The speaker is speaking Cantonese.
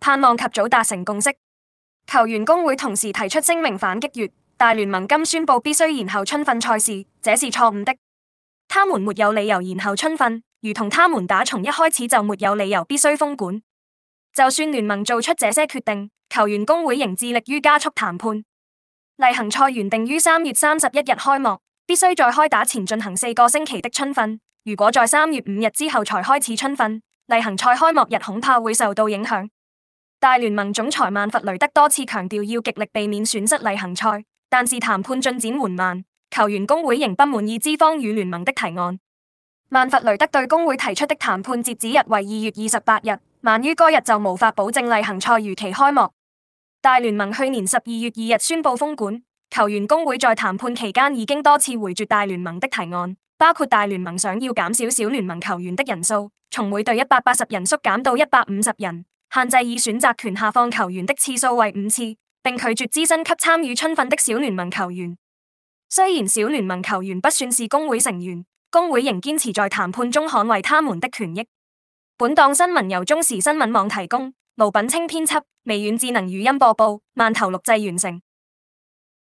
盼望及早達成共識，球員工會同時提出聲明反擊。月大聯盟今宣布必須延後春訓賽事，這是錯誤的。他們沒有理由延後春訓，如同他們打從一開始就沒有理由必須封管。就算聯盟做出這些決定，球員工會仍致力於加速談判。例行賽原定於三月三十一日開幕，必須在開打前進行四個星期的春訓。如果在三月五日之後才開始春訓，例行賽開幕日恐怕會受到影響。大聯盟總裁曼弗雷德多次強調要極力避免損失例行賽，但是談判進展緩慢，球員工會仍不滿意資方與聯盟的提案。曼弗雷德對工會提出的談判截止日為二月二十八日，晚於該日就無法保證例行賽如期開幕。大聯盟去年十二月二日宣布封館，球員工會在談判期間已經多次回絕大聯盟的提案，包括大聯盟想要減少小聯盟球員的人數，從每隊一百八十人縮減到一百五十人。限制以選擇權下放球員的次數為五次，並拒絕資深級參與春訓的小聯盟球員。雖然小聯盟球員不算是工會成員，工會仍堅持在談判中捍衛他們的權益。本檔新聞由中時新聞網提供，盧品清編輯，微軟智能語音播報，萬頭錄製完成。